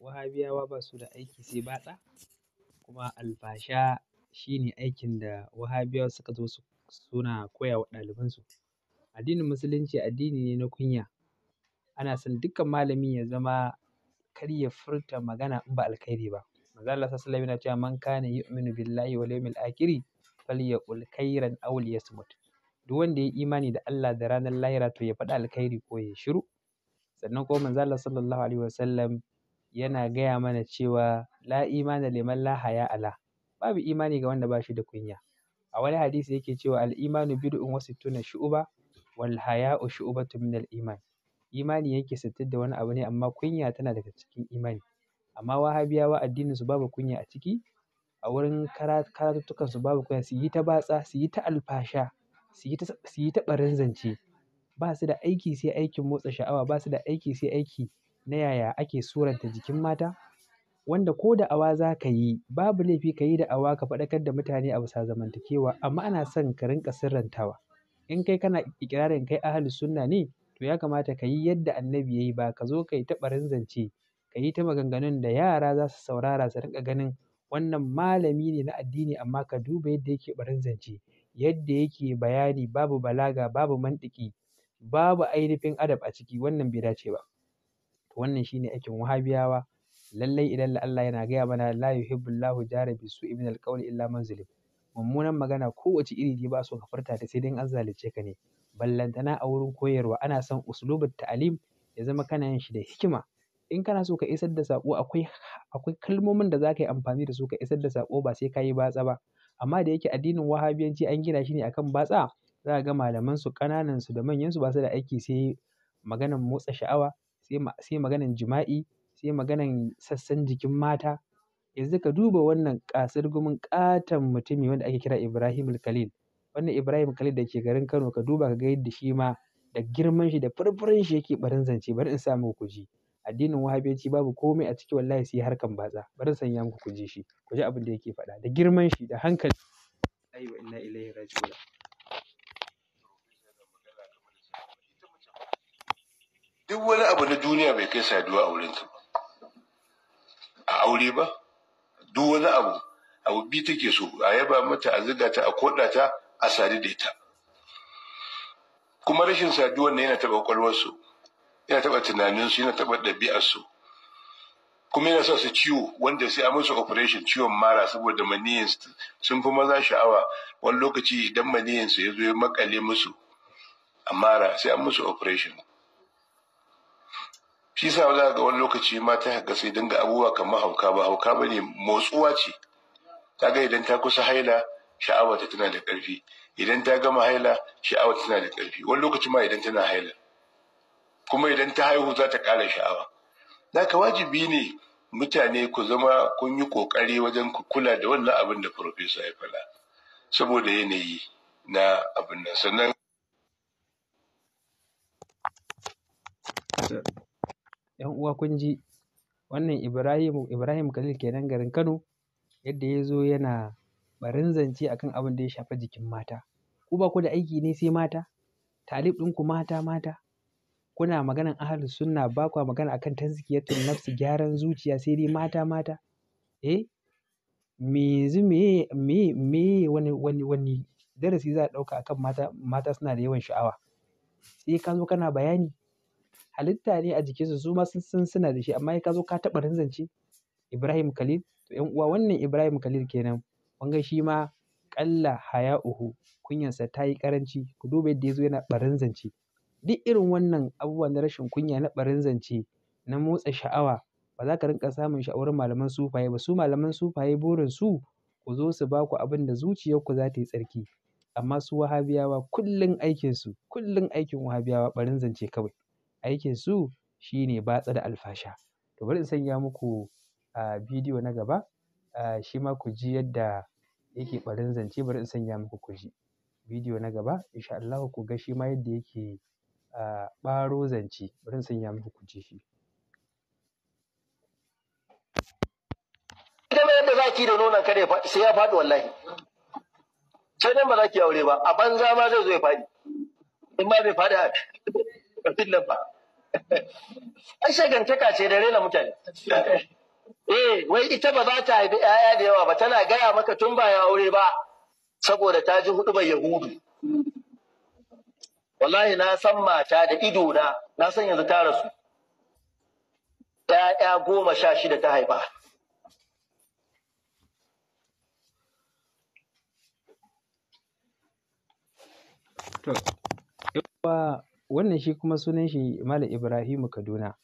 Wahabiyawa basu da aiki sai batsa kuma albasha shine aikin da Wahabiyawa suka zo su suna koya wa ɗalibansu. Addinin Musulunci addini ne na kunya. Ana son dukkan malami ya zama kar ya furta magana in ba alkhairi ba. Manzon Allah Sallallahu Alaihi Wasallam yana cewa man kana yu'minu billahi wal yawmil akhiri falyaqul khairan aw liyasmut. Duk wanda ya yi imani da Allah da ranar lahira to ya faɗa alkhairi ko ya shiru. Sannan kuma Manzon Allah Sallallahu Alaihi Wasallam yana gaya mana cewa la imana liman la haya ala babu imani ga wanda ba shi da kunya a wani hadisi yake cewa al imanu bid'un wa sittuna shu'ba wal haya'u shu'batun min al iman imani yake sittin da wani abu ne amma kunya tana daga cikin imani amma wahabiyawa addinin su babu kunya a ciki a wurin karatuttukan su babu kunya su yi ta batsa su yi ta alfasha su yi ta barin zance ba su da aiki sai aikin motsa sha'awa ba su da aiki sai aiki na yaya ake suranta jikin mata wanda ko da'awa za ka yi babu laifi ka yi awa ka faɗakar da mutane a bisa zamantakewa amma ana son ka rinka sirrantawa in kai kana ikirarin kai ahalin sunna ne to ya kamata ka yi yadda annabi ya yi ba ka zo ka yi barin zance ka yi ta maganganun da yara za su saurara su rinƙa ganin wannan malami ne na addini amma ka duba yadda yake barin zance yadda yake bayani babu balaga babu mantiki babu ainihin adab a ciki wannan bai dace ba wannan shi ne aikin wahabiyawa lallai idan Allah yana gaya mana la yuhibbullahu jara bisu'i minal qawli illa man zulim mummunan magana kowace iri ne ba so ka furta ta sai dai an zalunce ka ne ballantana a wurin koyarwa ana son uslubat ta'alim ya zama kana yin shi da hikima in kana so ka isar da sako akwai akwai kalmomin da zaka yi amfani da su ka isar da sako ba sai ka yi batsa ba amma da yake addinin wahabiyanci an gina shi ne akan batsa za ka ga malaman su ƙananan su da manyan su ba su da aiki sai maganan motsa sha'awa sai maganan jima'i, sai maganan sassan jikin mata. Yanzu ka duba wannan gumin ƙaton mutumi wanda ake kira Ibrahim Khalil. Wannan Ibrahim Khalil da ke garin Kano ka duba ka ga yadda shi ma da girman shi da furfurin shi yake barin zance bari in sa muku ku Addinin Wahabiyanci babu komai a ciki wallahi sai harkan batsa. Bari sanya muku kuji shi. Ku ji abin da yake faɗa da girman shi da hankali. duk wani abu na duniya bai kai saduwa a wurin ba a aure ba duk wani abu abu bi take so a yaba mata a ziga ta a koda ta a sadu da ita kuma rashin saduwan ne yana taɓa su, yana taba tunanin tunaninsu yana taba dabi'ar su. kuma yana sa su ciwo wanda sai a musu operation ciwon mara saboda maniyan sun fi maza sha'awa wani lokaci idan maniyan su ya zo ya makale musu a mara sai an musu operation shi sa za ga wani lokaci mata haka sai dinga abubuwa kamar hauka ba hauka ba ne motsuwa ce ta ga idan ta kusa haila sha'awa ta tana da ƙarfi idan ta gama haila sha'awa tana da ƙarfi wani lokaci ma idan tana haila kuma idan ta haihu za ta ƙara sha'awa ka wajibi ne mutane ku zama kun yi ƙoƙari wajen ku kula da wannan abin da farfesa ya faɗa saboda yanayi na abin nan sannan 'yan uwa kun ji wannan Ibrahim Ibrahim Khalil kenan garin Kano yadda ya zo yana barin zance akan abin da ya shafa jikin mata. Ku ba ku da aiki ne sai mata? Talib ɗinku mata mata? Kuna maganan ahal sunna ba kwa magana akan tazkiyatun nafsi gyaran zuciya sai dai mata mata? Eh? Me yanzu me me me wani wani wani darasi za a ɗauka akan mata mata suna da yawan sha'awa? Sai ka zo kana bayani halitta ne a jikinsu su ma sun san suna da shi amma ka zo ka taɓa rinzance Ibrahim Khalil to 'yan uwa wannan Ibrahim Khalil kenan wanga shi ma ƙalla uhu, kunyarsa ta yi ƙaranci ku duba yadda ya zo yana ɓarin zance duk irin wannan abubuwa na rashin kunya na ɓarin zance na motsa sha'awa ba za ka rinka samun sha'awar malaman sufaye ba su malaman sufaye burin su ku zo su baku abin da zuciyarku za ta yi tsarki amma su wahabiyawa kullum aikinsu kullum aikin wahabiyawa ɓarin zance kawai aikin su shine batsa da alfasha. To bari in sanya muku a bidiyo na gaba a shi ma ku ji yadda yake ɓarin zance bari in sanya muku ku ji. Bidiyo na gaba insha Allahu ku ga shi ma yadda yake a ɓaro zance bari in sanya muku ku ji shi. Ita ma yadda za ki da nonon kare sai ya faɗi wallahi. Sai nan ba za ki aure ba a banza ma zai zo ya faɗi. In ma bai faɗi a ƙarfin nan ba. ai shagantaka ce da rena mutane eh wai ita ba za ta haifi 'ya'ya da yawa ba tana gaya maka tun ba ya aure ba saboda ta ji hudu yahudu wallahi na san mata da ido na na san yanzu ta rasu ‘ya'ya goma sha shida ta haifa. To, Wannan shi kuma sunan shi Malam Ibrahimu Kaduna.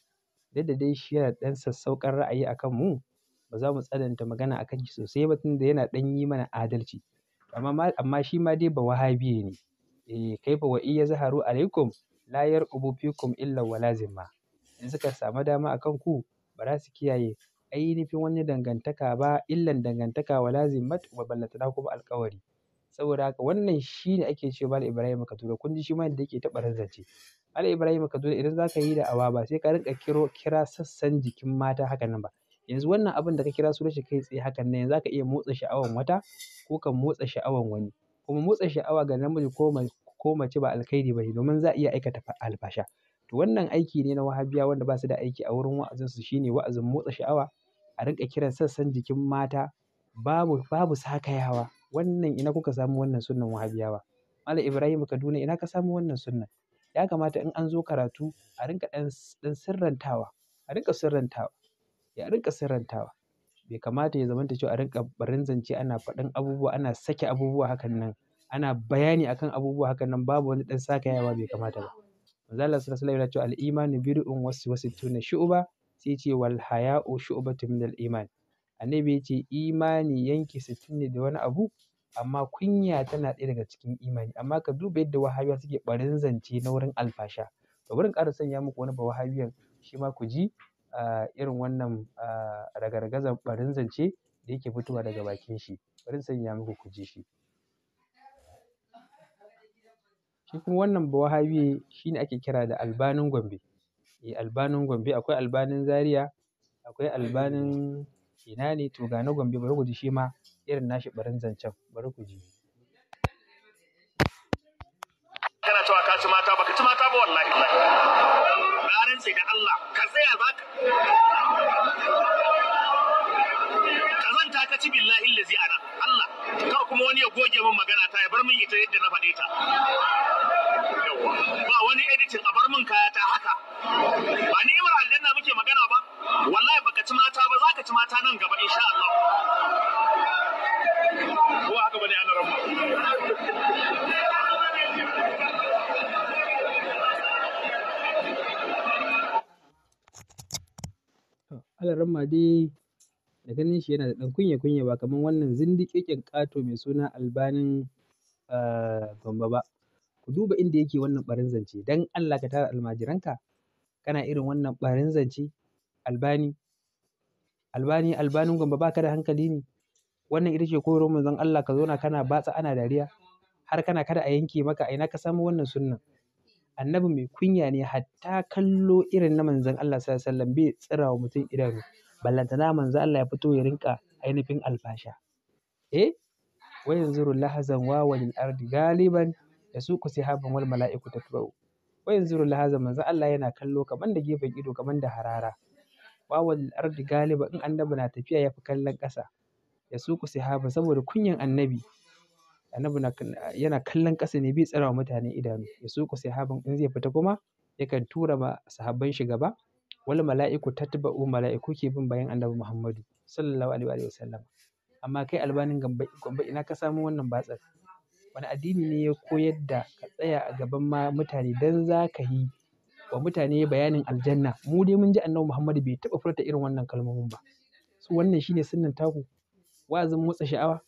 Duk da dai shi yana ɗan sassauƙan ra'ayi a kan mu, ba za mu tsananta magana a kan shi sosai ba da yana ɗan yi mana adalci. Amma, amma shi ma dai ba wahabi ne. Eh, kai fa wa iya zaharu alaikum la yarqubu fikum illa wala zimma. In suka samu dama a kan ku ba za su kiyaye ainihin wani dangantaka ba illan dangantaka wala zimmat wa ballantana kuma alƙawari. saboda haka wannan shi ne ake cewa mala Ibrahim Kaduna kun ji shi ma yadda yake taɓa barin zance Ibrahim Kaduna idan zaka yi da awa ba sai ka rinka kira sassan jikin mata hakan nan ba yanzu wannan abin da ka kira su shi kai tsaye hakan nan zaka iya motsa sha'awan wata ko ka motsa sha'awan wani kuma motsa sha'awa ga namiji ko mace ba alkhairi ba domin za a iya aikata alfasha to wannan aiki ne na wahabiya wanda ba su da aiki a wurin su shine wa'azin motsa sha'awa a rinka kiran sassan jikin mata babu babu sakayawa Wannan ina kuka samu wannan sunnan Wahabiyawa? Malam Ibrahim Kaduna ina ka samu wannan sunnan? Ya kamata in an zo karatu a rinka ɗan sirrantawa, a rinka sirrantawa, Ya rinka sirrantawa. Bai kamata ya zamanta cewa a rinka barin zance ana faɗan abubuwa, ana sake abubuwa hakan nan, ana bayani akan abubuwa hakan nan babu wani ɗan sakayawa bai kamata ba. Manzon Allah Sallallahu Alaihi Wasallam yana cewa al-imanu wasu wasu tuna shu'ba sai ce wal haya'u shu'batun al iman. Annabi ya ce imani yanki sittin ne da wani abu amma kunya tana ɗaya daga cikin imani. Amma ka duba yadda Wahabiyawa suke ɓarin zance na wurin alfasha. To wurin ƙara sanya muku wani Bawahabiyan shi ma ku ji irin wannan ragargazar ɓarin zance da yake fitowa daga bakin shi. Bari in sanya muku ku ji shi. Shi kuma wannan Bawahabiye shi ne ake kira da Albanin Gombe. Eh Albanin Gombe akwai Albanin Zaria, akwai Albanin ina ne to ga na Gombe bari ku ji shi ma irin nashi ɓarin zancen bari ku ji. Kana cewa ka ci mata baka ci mata ba wallahi. Na sai da Allah ma dai da ganin shi yana da ɗan kunya-kunya ba kamar wannan zindiƙiƙin ƙato mai suna Albanin ah ba. Ku duba inda yake wannan ɓarin zance, don Allah ka tara almajiranka kana irin wannan ɓarin zance Albani. Albani, Albanin ba ka da hankali ne? Wannan ita ce koyarwar Manzon Allah ka zauna kana batsa ana dariya har kana kada a yanke maka a ina ka samo wannan sunan. annabi mai kunya ne hatta kallo irin na Manzon Allah Sallallahu Alaihi Wasallam bai tsira wa mutum idanu. Ballantana Manzon Allah ya fito ya rinka ainihin alfasha. Eh, wa yanzuru lahazan wawan ardi galiban ya suku sihaban wal mala'iku tatba'u. Wa yanzuru lahazan Manzon Allah yana kallo kaman da gefen ido kaman da harara. Wawan ardi galiban in annabi na tafiya ya fi kallon ƙasa. Ya suku sihaba saboda kunyan annabi Annabi yana kallon ƙasa ne bai tsirawa mutane idanu. Ya su sai haban in zai fita kuma yakan tura ma sahabban shi gaba. Wal mala'iku tatba'u mala'iku ke bin bayan Annabi Muhammadu sallallahu alaihi wa sallam. Amma kai albanin Gombe ina ka samo wannan batsar? Wani addini ne ya koyar da ka tsaya a gaban ma mutane dan za ka yi wa mutane bayanin aljanna? Mu dai mun ji Annabi Muhammadu bai taɓa furta irin wannan kalmomin ba. So wannan shine sunnan taku? Wa'azin motsa sha'awa?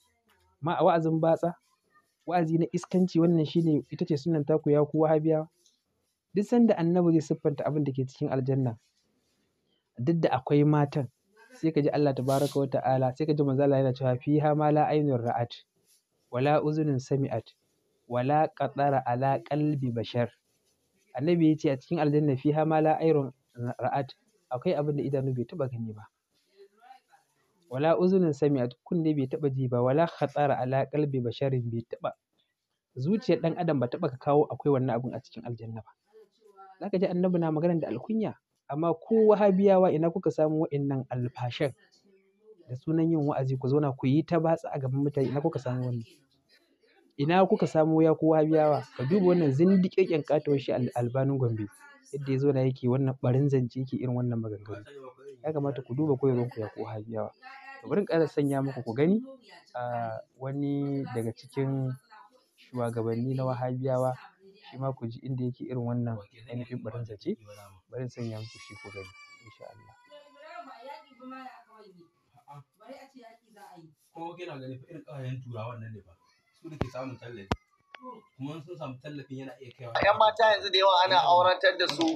a Wa'azin batsa? wa'azi na iskanci wannan shine ita ce ta taku ya ku Habiya? duk sanda annabi zai siffanta abin da ke cikin aljanna duk da akwai matan sai ka ji Allah tabaraka wa ta'ala sai ka ji manzala yana cewa fiha ma la ainur ra'at wala uzunin sami'at wala qatara ala qalbi bashar annabi ya ce a cikin aljanna fiha ma la ainur ra'at akwai abin da idanu bai taba gani ba wala uzunin sami'at kunne bai taɓa ji ba wala hatsara ala kalbi basharin bai taɓa zuciyar ɗan adam ba taɓa ka kawo akwai wannan abun a cikin aljanna ba zaka ji annabi na magana da alkunya amma ko wahabiyawa ina kuka samu wa'annan alfashan da sunan yin wa'azi ku zauna ku yi ta batsa a gaban mutane ina kuka samu wannan ina kuka samu ya ko wahabiyawa ka duba wannan zindiƙeƙen katuwar shi albanin gombe yadda ya zo yake wannan barin zance yake irin wannan maganganu ya kamata ku duba koyarwar ku ya ko har To bari in ƙara sanya muku ku gani, a wani daga cikin shugabanni na Wahabiyawa shi ma ku ji inda yake irin wannan ainihin barin ce Bari in sanya muku shi ku gani insha Allah. Ko kina ganin irin ƙawayen turawa nan ne fa, su da ke samun tallafi. kuma sun samu tallafin yana iya kaiwa yan mata yanzu da yawa ana aurantar da su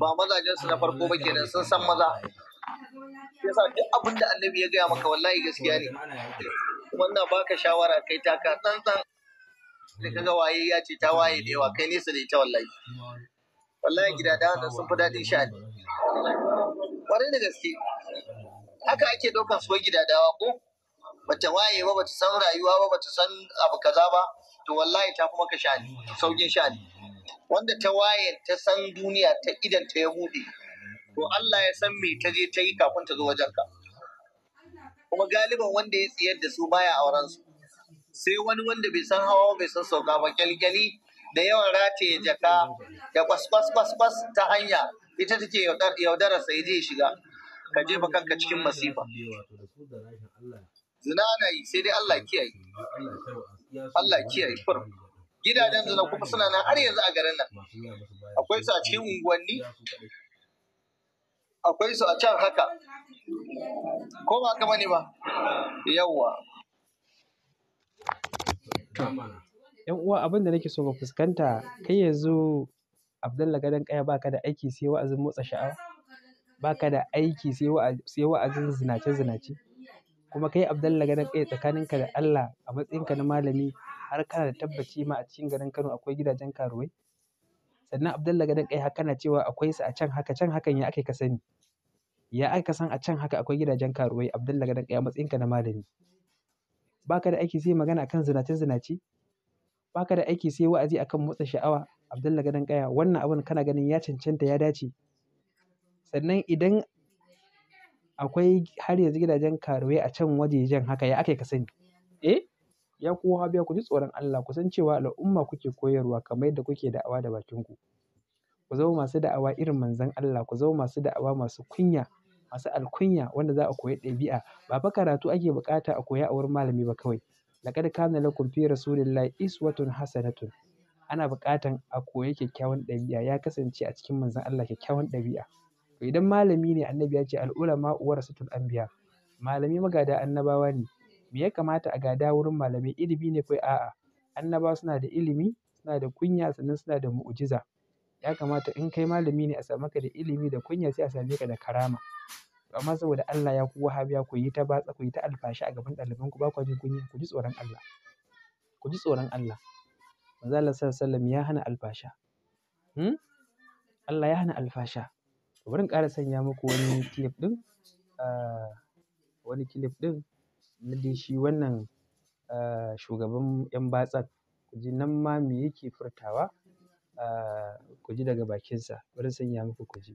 ba mazajen su na farko ba kenan sun san maza yasa duk abin da annabi ya gaya maka wallahi gaskiya ne wannan baka shawara kai taka tsantsan da kaga waye ya ce ta waye da yawa kai nesa da ita wallahi wallahi gida da wannan sun fi daɗin ne. kwarai da gaske haka ake ɗaukar su gida dawa ko bata waye ba bata san rayuwa ba bata san abu kaza ba to wallahi ta kuma ka shani, saukin shani. wanda ta waye ta san duniya ta idan ta ya buɗe to Allah ya san me ta je ta yi kafin ta zo wajenka kuma galiban wanda ya tsayar da su baya auren su sai wani wanda bai san hawa bai san sauka ba kyalkyali da yawan rataye jaka da kwas-kwas ta hanya ita take yaudara sai je shiga ka jefa kanka cikin masifa zina na yi sai dai Allah kiyaye Allah kiyaye fur gidajen zana kuma suna nan har yanzu a garin nan akwai su a cikin unguwanni akwai su a can haka ko ba kama ne ba yawwa yan uwa abin da nake so ga fuskanta kai yanzu gadan gadon kaya baka da aiki sai wa'azin motsa sha'awa baka da aiki sai wa'azin zinace zinace kuma kai Abdalla Gadan Ƙaya tsakaninka da Allah a ka na malami har kana da tabbaci ma a cikin garin Kano akwai gidajen karuwai sannan Abdalla Gadan Ƙaya na cewa akwai su a can haka can hakan ya aka ka sani ya aka san a can haka akwai gidajen karuwai Abdalla Gadan Ƙaya matsayinka na malami baka da aiki sai magana akan zinace zinace baka da aiki sai wa'azi akan motsa sha'awa Abdalla Gadan Ƙaya wannan abin kana ganin ya cancanta ya dace sannan idan akwai har yanzu gidajen karuwai a can wajejen haka ya aka ka sani. Eh, ya ku wahabiyawa ku ji tsoron Allah ku san cewa al'umma kuke koyarwa kamar yadda kuke da'awa da bakinku. Ku zama masu da'awa irin Manzon Allah, ku zama masu da'awa masu kunya, masu alkunya wanda za a koyi ɗabi'a. Ba fa karatu ake buƙata a koya a wurin malami ba kawai. Laƙad kana lakum fi Rasulillahi uswatun hasanatun. Ana buƙatan a koyi kyakkyawan ɗabi'a. Ya kasance a cikin Manzon Allah kyakkyawan ɗabi'a. idan malami ne Annabi ya ce "Al'ulama'u an biya malami magada annabawa ne. Me ya kamata a gada wurin malamai? Ilimi ne kai a'a? Annabawa suna da ilimi, suna da kunya sannan suna da mu'ujiza. Ya kamata in kai malami ne a sami ka da ilimi da kunya sai a same ka da karama. Amma saboda Allah ya ku Wahabiya ku yi ta batsa, ku yi ta alfasha a gaban ɗaliban ku ba kwa jin kunya, ku ji tsoron Allah. Ku ji tsoron Allah. manzo Allah Sallallahu Alaihi Wasallam ya hana alfasha. Hmm? Allah ya hana alfasha. Bari in ƙara sanya muku wani clip ɗin, ah, wani clip ɗin na dai shi wannan, ah, shugaban 'yan batsar? Ku ji nan ma me yake furtawa, ah, ku ji daga bakinsa. Bari in sanya muku ku ji.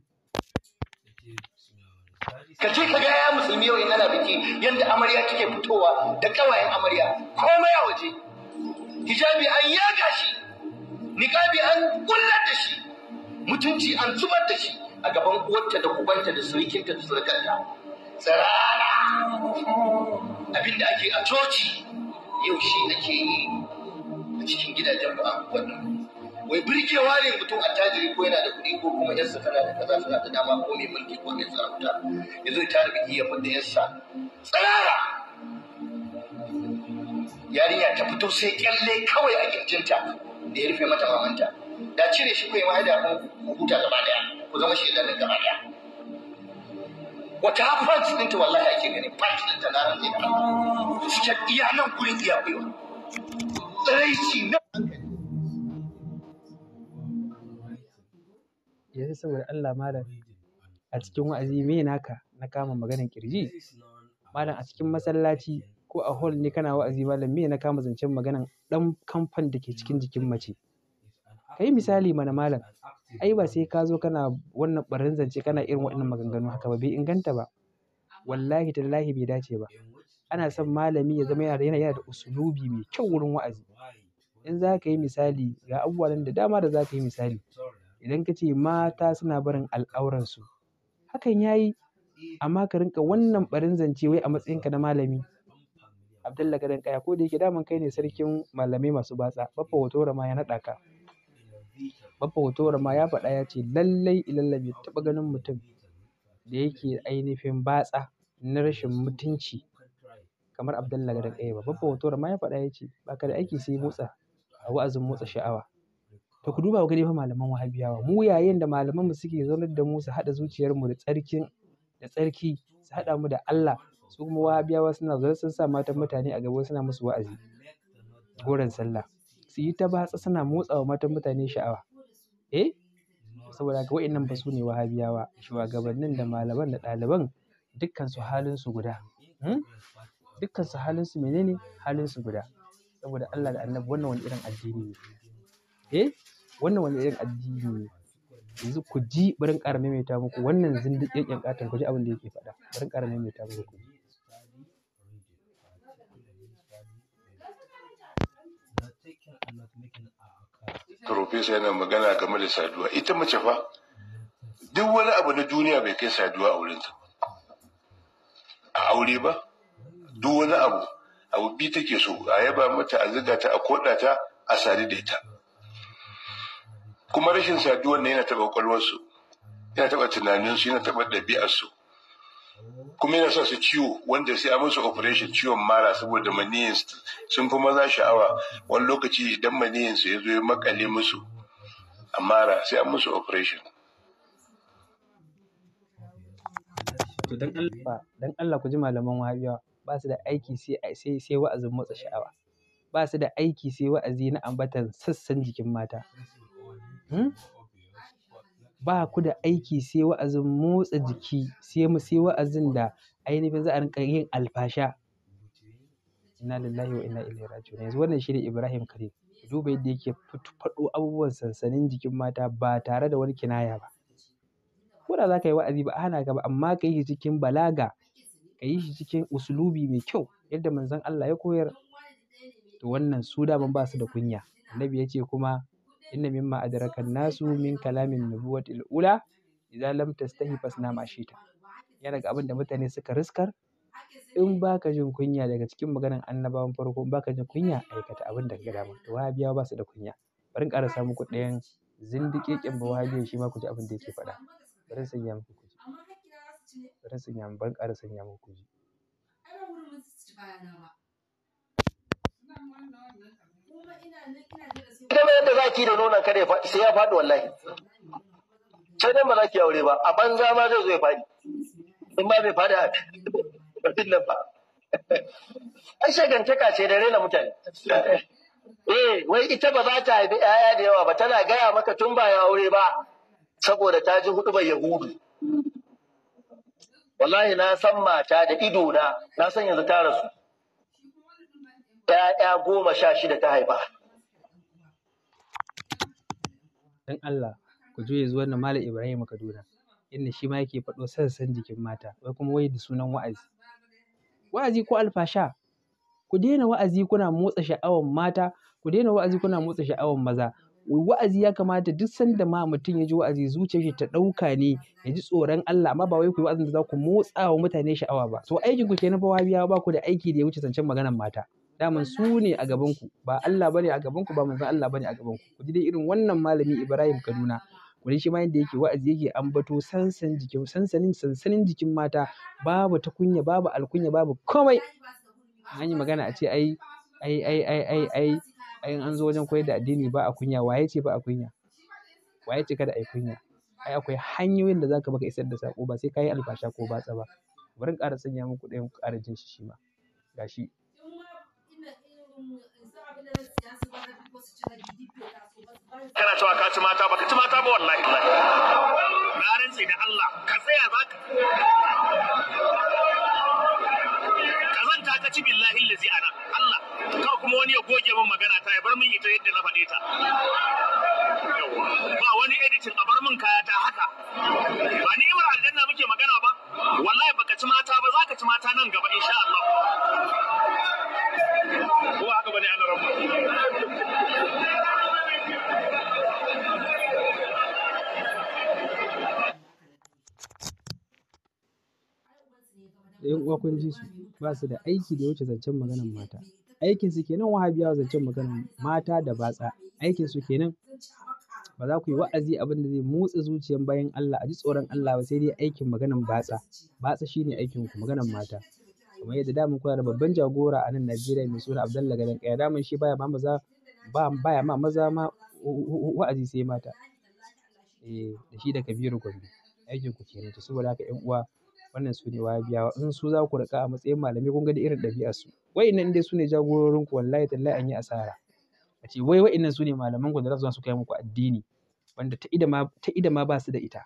ka ce ka ga ya musulmi yau ina ana biki yadda amarya take fitowa da ƙawayen amarya komai a waje hijabi an yaga shi niqabi an kullar da shi mutunci an zubar da shi a gaban uwarta da kubanta da surikinta da surukanta tsirara abinda ake a coci yau shi ake yi a cikin gidajen ba a wai birkewa ne mutum attajiri ko yana da kuɗi ko kuma yarsa tana da kaza tana da dama ko mai mulki ko mai sarauta ya zo ta rubuki ya fadda yarsa tsirara yarinya ta fito sai kyalle kawai a kirjinta da ya rufe mata mamanta da cire shi ya ma da huta gaba daya ku zama shaidanin gaba ɗaya. wata punch ɗinta wallahi ake gani punch ɗinta na ran ɗaya cikin iya nan gurin iya baiwa tsiraici na yanzu saboda Allah malam a cikin wa'azi me naka na kama maganar kirji malam a cikin masallaci ko a hall ne kana wa'azi malam me na kama zancen maganar dan kamfan da ke cikin jikin mace kai misali mana malam Ai ba sai ka zo kana wannan barin zance kana irin waɗannan maganganu haka ba bai inganta ba. Wallahi tallahi bai dace ba. Ana son malami ya zama yana da, yana da usulubi mai kyau wurin wa'azi. In za ka yi misali ga abubuwa nan da dama da za ka yi misali. Idan ka ce mata suna barin al'auransu, hakan ya yi amma ka rinƙa wannan ɓarin zance wai a matsayinka na malami. Abdullahi Gadon Kaya ko da yake daman kai ne sarkin malamai masu batsa. Baffa hoto ma ya naɗa ka. hotowar ma ya faɗa ya ce lallai ilalla bai taɓa ganin mutum da yake ainihin batsa na rashin mutunci kamar Abdallah Gadan ɗaya ba. hotowar ma ya faɗa ya ce ba ka da aiki sai motsa a wa'azin motsa sha'awa. To ku duba ku gani fa malaman Wahabiyawa. Mu yayin da malaman mu suke zaunar da mu su haɗa zuciyarmu da tsarkin, da tsarki su haɗa mu da Allah. Su kuma Wahabiyawa suna zaune sun sa matan mutane a gaba suna musu wa'azi. Goron sallah. su yi ta batsa suna motsawa matan mutane sha'awa. Eh, saboda haka waɗannan ba su ne Wahabiyawa, shuwagabannin da malaman da ɗaliban dukkansu halinsu guda. Hmm? Dukkansu halinsu menene ne? Halinsu guda. Saboda Allah da Annabi wannan wani irin addini ne? Eh, wannan wani irin addini ne? Yanzu ku ji barin ƙara maimaita muku wannan zindiƙeƙƙen ƙaton ku ji abin da yake faɗa. Barin ƙara maimaita muku Profesa yana magana game da saduwa. Ita mace fa, duk wani abu na duniya bai kai saduwa a wurinta. A aure ba, duk wani abu, abu bi take so, a yaba mata, a ziga ta, a koɗata ta, a sadu da ita. Kuma rashin saduwan ne yana taɓa kwalwarsu yana taba tunaninsu, yana taba ɗabi'arsu. kuma yana sa su ciwo wanda sai a musu operation ciwon mara saboda maniyin sun fi maza sha'awa wani lokaci idan maniyin su ya zo ya makale musu a mara sai an musu operation to dan Allah Allah ku ji malaman wahabiyawa ba su da aiki sai sai wa'azin motsa sha'awa ba su da aiki sai wa'azi na ambatan sassan jikin mata hmm? ba ku da aiki sai wa'azin motsa jiki, sai mu sai wa'azin da ainihin za a rinka yin alfasha. Inna lillahi wa inna ilaihi raji'un. Yanzu wannan shine Ibrahim Kare, Ku duba yadda yake faɗo abubuwan sansanin jikin mata ba tare da wani kinaya ba. Ko da za ka yi wa'azi ba a hana ka ba amma ka yi shi cikin balaga, ka yi shi cikin uslubi mai kyau yadda Manzon Allah ya koyar. To wannan su daman ba su da kunya. Annabi ya ce kuma. inna mimma adrakan nasu min kalamin nubuwatil ula idza lam tastahi fasna ma shita yana ga abin da mutane suka riskar in baka jin kunya daga cikin maganar annabawan farko in baka jin kunya aikata abin da gada dama to wahabiyawa ba su da kunya bari in ƙara samu ku ɗayan zindiƙeƙin ba wahabiyan shi ma ku ji abin da yake faɗa bari sanya muku ku ji bari sanya muku bari ƙara sanya muku ku Ita mai yadda za ki da nonon kada sai ya faɗi wallahi. Sai dan ba za ki aure ba, a banza ma zai zo ya faɗi. In ma bai faɗi a ƙarfin nan ba. Ai shagantaka ce da rena mutane. Eh, wai ita ba za ta haifi ‘ya'ya da yawa ba, tana gaya maka tun ba ya aure ba, saboda ta ji hudu bai Yahudu. Wallahi na san mata da idona, na san yanzu ta rasu. ‘ya'ya goma sha shida ta haifa. Dan Allah ku juye zuwa na Malam Ibrahim Kaduna inda shi ma yake faɗo sassan jikin mata wai kuma wai da sunan wa'azi. Wa'azi ko alfasha ku daina wa'azi kuna motsa sha'awan mata ku daina wa'azi kuna motsa sha'awan maza wa'azi ya kamata duk sanda ma mutum ya ji wa'azi zuciyar shi ta ɗauka ne ya ji tsoron Allah amma ba wai ku yi wa'azin da za ku motsa wa mutane sha'awa ba so aikin ku kenan fa wabiya ba ku da aiki da ya wuce zancen maganar mata daman su ne a gabanku ba Allah bane a gabanku ba manzon Allah bane a gabanku ku ji dai irin wannan malami Ibrahim Kaduna wani shi ma yadda yake wa'azi yake ambato sansan jikin sansanin sansanin jikin mata babu takunya, kunya babu alkunya babu komai an yi magana a ce ai ai ai ai ai ai ai an zo wajen koyar da addini ba a kunya waye ce ba a kunya waye ce kada ai kunya ai akwai hanyoyin da zaka baka isar da sako ba sai kayi alfasha ko batsa ba bari ƙara sanya muku ɗayan ƙara jin shi shi ma gashi kana cewa ka ci mata ka ci mata ba wallahi na rantse da Allah ka tsaya za ka Ka kazanta ka ci billahi lazi ana Allah kawai kuma wani ya goge min magana ta ya bar min ita yadda na faɗe ta ba su da aiki da wuce zancen maganar mata aikin su kenan wahabiyawa zancen maganar mata da batsa aikin su kenan ba za ku yi wa'azi abin da zai motsa zuciyan bayan Allah a ji tsoron Allah ba sai dai aikin maganar batsa batsa shine aikin ku maganar mata Kuma yadda damun kuna da babban jagora a nan Najeriya mai suna Abdullahi Gadan Kaya mun shi baya ma maza ba baya ma maza ma wa'azi sai mata eh da shi da Kabiru Gombe aikin ku kenan to saboda haka ƴan uwa Wannan su ne wahabiyawa. In su za ku riƙa a matsayin malamai kun ga da irin ɗabi'arsu. Wa'innan dai su ne jagororin ku wallahi tallahi yi asara. A ce wai wa'innan su ne malaman ku da za su zo su koya muku addini wanda ta ida ma, ta ida ma ba su da ita.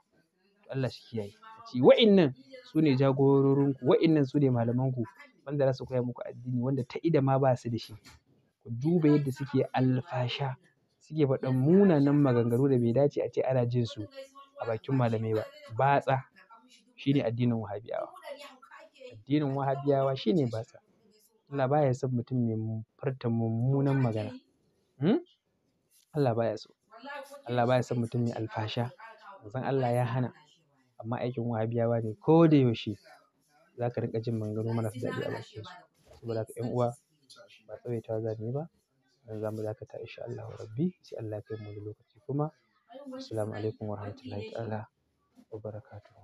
Allah shi kiyaye. A ce wa'innan su ne jagororin ku wa'innan su ne malaman ku wanda za su koya muku addini wanda ta ida ma ba su da shi. Ku duba yadda suke alfasha, suke faɗan munanan maganganu da bai dace a ce ana jin su a bakin malamai ba. Batsa. shine addinin Wahabiyawa. Addinin Wahabiyawa shine basa Allah baya son mutum mai furta mummunan magana. Hmm? Allah baya so. Allah baya son mutum mai alfasha. Manzon Allah ya hana. Amma aikin Wahabiyawa ne ko da yaushe za ka riƙa jin maganganu marasa daɗi a su Saboda haka ƴan uwa ba tsawaitawa za mu yi ba. dan za mu dakata insha Allah rabbi sai Allah ya kai mu wani lokaci kuma. Assalamu alaikum warahmatullahi ta'ala wabarakatuh.